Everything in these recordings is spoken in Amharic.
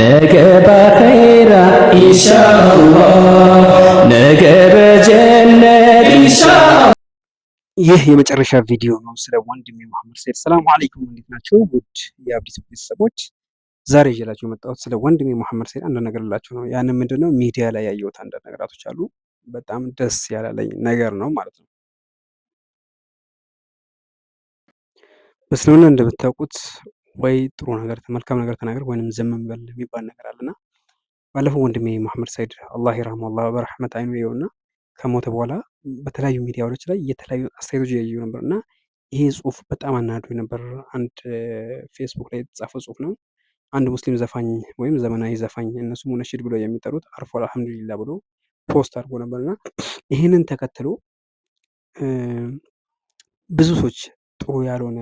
ነገ ባኸይራ ኢንሻአላህ፣ ነገ በጀነት ኢንሻአላህ። ይህ የመጨረሻ ቪዲዮ ነው ስለ ወንድሜ መሐመድ ሰይድ። ሰላም አለይኩም፣ እንዴት ናቸው ውድ የአብዲስ ቤተሰቦች? ዛሬ ይዤላችሁ የመጣሁት ስለ ወንድሜ መሐመድ ሰይድ አንድ ነገር ላቸው ነው። ያንን ምንድን ነው ሚዲያ ላይ ያየሁት አንዳንድ ነገራቶች አሉ። በጣም ደስ ያላለኝ ነገር ነው ማለት ነው። በእስልምና እንደምታውቁት ወይ ጥሩ ነገር መልካም ነገር ተናገር ወይም ዝም በል የሚባል ነገር አለና ባለፈው ወንድሜ መሐመድ ሰይድ አላህ ይራሙ አላህ በረሕመት አይኑ ይኸውና ከሞተ በኋላ በተለያዩ ሚዲያዎች ላይ የተለያዩ አስተያየቶች እያየሁ ነበር እና ይሄ ጽሁፍ በጣም አናዱ ነበር። አንድ ፌስቡክ ላይ የተጻፈ ጽሁፍ ነው። አንድ ሙስሊም ዘፋኝ ወይም ዘመናዊ ዘፋኝ እነሱ ሙነሽድ ብሎ የሚጠሩት አርፎ አልሐምዱሊላ ብሎ ፖስት አድርጎ እና ይህንን ተከትሎ ብዙ ሰዎች ጥሩ ያልሆነ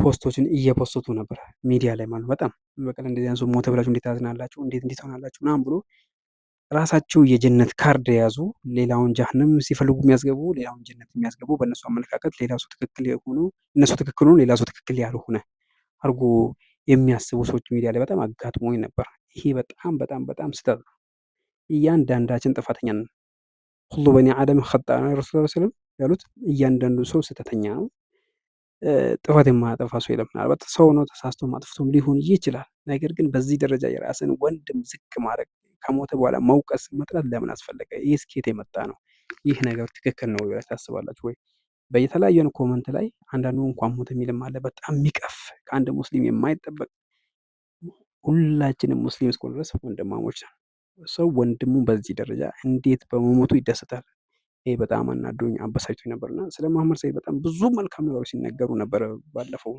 ፖስቶችን እየፖስቱ ነበር ሚዲያ ላይ ማለት በጣም በቃ እንደዚህ አይነት ሰው ሞተ ብላችሁ እንዴት ታዝናላችሁ? እንዴት እንዴት ሆናላችሁ? ምናምን ብሎ ራሳቸው የጀነት ካርድ የያዙ ሌላውን ጃህንም ሲፈልጉ የሚያስገቡ ሌላውን ጀነት የሚያስገቡ በእነሱ አመለካከት ሌላ ሰው ትክክል የሆኑ እነሱ ትክክል ሆኑ ሌላ ሰው ትክክል ያልሆነ አርጎ የሚያስቡ ሰዎች ሚዲያ ላይ በጣም አጋጥሞኝ ነበር። ይሄ በጣም በጣም በጣም ስህተት ነው። እያንዳንዳችን ጥፋተኛ ነን። ሁሉ በእኔ አደም ከጣ ረሱ ስለም ያሉት እያንዳንዱ ሰው ስህተተኛ ነው። ጥፋት የማያጠፋ ሰው የለም። ምናልባት ሰው ነው ተሳስቶ ማጥፍቶም ሊሆን ይችላል። ነገር ግን በዚህ ደረጃ የራስን ወንድም ዝቅ ማድረግ፣ ከሞተ በኋላ መውቀስ፣ መጥላት ለምን አስፈለገ? ይህ ስኬት የመጣ ነው። ይህ ነገር ትክክል ነው ብላችሁ ታስባላችሁ ወይ? በየተለያየን ኮመንት ላይ አንዳንዱ እንኳን ሞት የሚልም አለ። በጣም የሚቀፍ ከአንድ ሙስሊም የማይጠበቅ ሁላችንም ሙስሊም እስከሆነ ድረስ ወንድማሞች ነው። ሰው ወንድሙ በዚህ ደረጃ እንዴት በመሞቱ ይደሰታል? ይሄ በጣም አናዶኝ ነበር እና ስለ መሐመድ ሰይድ በጣም ብዙ መልካም ነገሮች ሲነገሩ ነበረ። ባለፈው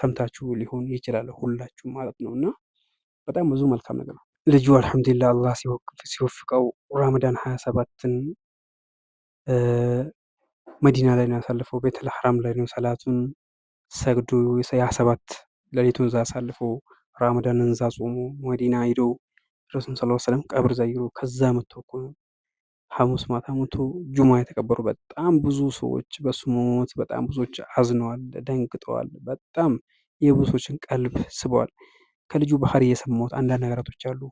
ሰምታችሁ ሊሆን ይችላል ሁላችሁ ማለት ነው። እና በጣም ብዙ መልካም ነገር ነው። ልጁ አልሐምዱሊላ አላህ ሲወፍቀው ራመዳን ሀያ ሰባትን መዲና ላይ ነው ያሳልፈው። ቤተል ሐራም ላይ ነው ሰላቱን ሰግዶ ሀያ ሰባት ሌሊቱን እዛ አሳልፎ ራመዳንን እዛ ጾሞ መዲና ሂዶ ረሱል ስላ ሰለም ቀብር ዘይሮ ከዛ መጥቶ እኮ ነው ሐሙስ ማታ ሞቶ ጁማ የተቀበሩ በጣም ብዙ ሰዎች በሱ በጣም ብዙዎች አዝነዋል፣ ደንግጠዋል። በጣም ሰዎችን ቀልብ ስበዋል። ከልጁ ባህሪ የሰማሁት አንዳንድ ነገራቶች አሉ።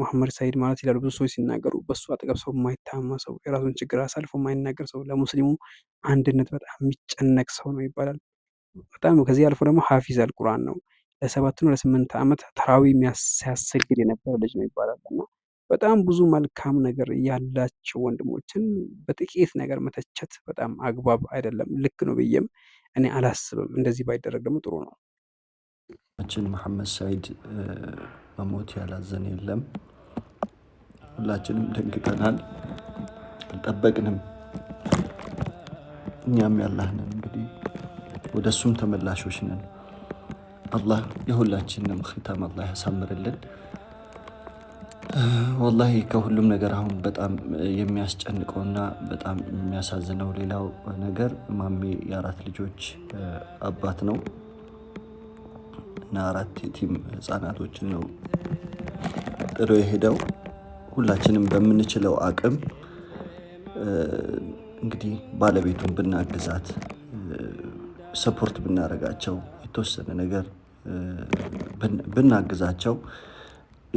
መሐመድ ሰይድ ማለት ይላሉ ብዙ ሰዎች ሲናገሩ በሱ አጠገብ ሰው የማይታማ ሰው፣ የራሱን ችግር አሳልፎ የማይናገር ሰው፣ ለሙስሊሙ አንድነት በጣም የሚጨነቅ ሰው ነው ይባላል። በጣም ከዚህ አልፎ ደግሞ ሀፊዝ አልቁርአን ነው። ለሰባት ነው ለስምንት ዓመት ተራዊ ሲያሰግድ የነበረ ልጅ ነው ይባላል እና በጣም ብዙ መልካም ነገር ያላቸው ወንድሞችን በጥቂት ነገር መተቸት በጣም አግባብ አይደለም፣ ልክ ነው ብዬም እኔ አላስብም። እንደዚህ ባይደረግ ደግሞ ጥሩ ነው። ችን መሐመድ ሰዒድ በሞት ያላዘን የለም። ሁላችንም ደንግጠናል፣ አልጠበቅንም። እኛም ያላህንን እንግዲህ ወደ እሱም ተመላሾች ነን። አላህ የሁላችንም ክታም አላህ ያሳምርልን። ወላሂ ከሁሉም ነገር አሁን በጣም የሚያስጨንቀውና በጣም የሚያሳዝነው ሌላው ነገር ማሜ የአራት ልጆች አባት ነው እና አራት የቲም ህፃናቶችን ነው ጥሎ የሄደው። ሁላችንም በምንችለው አቅም እንግዲህ ባለቤቱን ብናግዛት፣ ሰፖርት ብናደርጋቸው፣ የተወሰነ ነገር ብናግዛቸው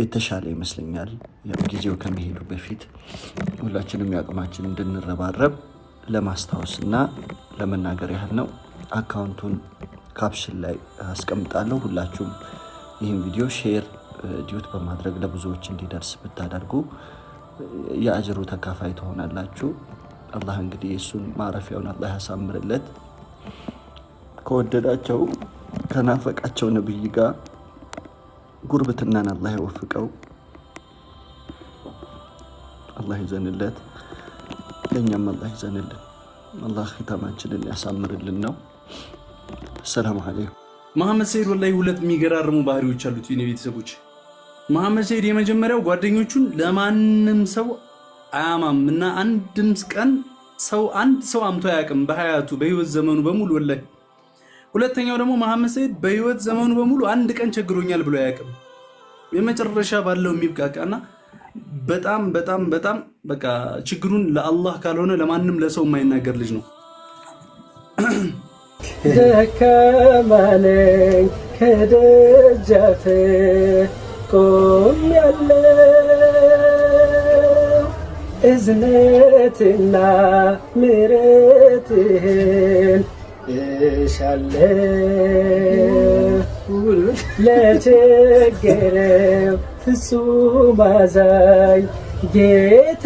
የተሻለ ይመስለኛል። ያው ጊዜው ከመሄዱ በፊት ሁላችንም የአቅማችን እንድንረባረብ ለማስታወስ እና ለመናገር ያህል ነው። አካውንቱን ካፕሽን ላይ አስቀምጣለሁ። ሁላችሁም ይህን ቪዲዮ ሼር ዲዩት በማድረግ ለብዙዎች እንዲደርስ ብታደርጉ የአጅሩ ተካፋይ ትሆናላችሁ። አላህ እንግዲህ የእሱን ማረፊያውን አላህ ያሳምርለት። ከወደዳቸው ከናፈቃቸው ነብይ ጋር ጉርብትናን አላህ ይወፍቀው፣ አላህ ይዘንለት፣ ለእኛም አላህ ይዘንልን፣ አላህ ሂታማችንን ያሳምርልን ነው። አሰላሙ አለይኩም። መሐመድ ሰይድ ወላሂ ሁለት የሚገራርሙ ባህሪዎች አሉት የኔ ቤተሰቦች። መሐመድ ሰይድ የመጀመሪያው ጓደኞቹን ለማንም ሰው አያማም እና አንድም ቀን ሰው አንድ ሰው አምቶ አያውቅም በሀያቱ በህይወት ዘመኑ በሙሉ ወላሂ ሁለተኛው ደግሞ መሐመድ ሰይድ በህይወት ዘመኑ በሙሉ አንድ ቀን ቸግሮኛል ብሎ አያውቅም። የመጨረሻ ባለው የሚብቃቃና በጣም በጣም በጣም በቃ ችግሩን ለአላህ ካልሆነ ለማንም ለሰው የማይናገር ልጅ ነው። ደካማ ከደጃፍ ቆም እዝነትና ምሕረትህን እሻለሁ ለቸገረው ፍጹም አዛኝ ጌታ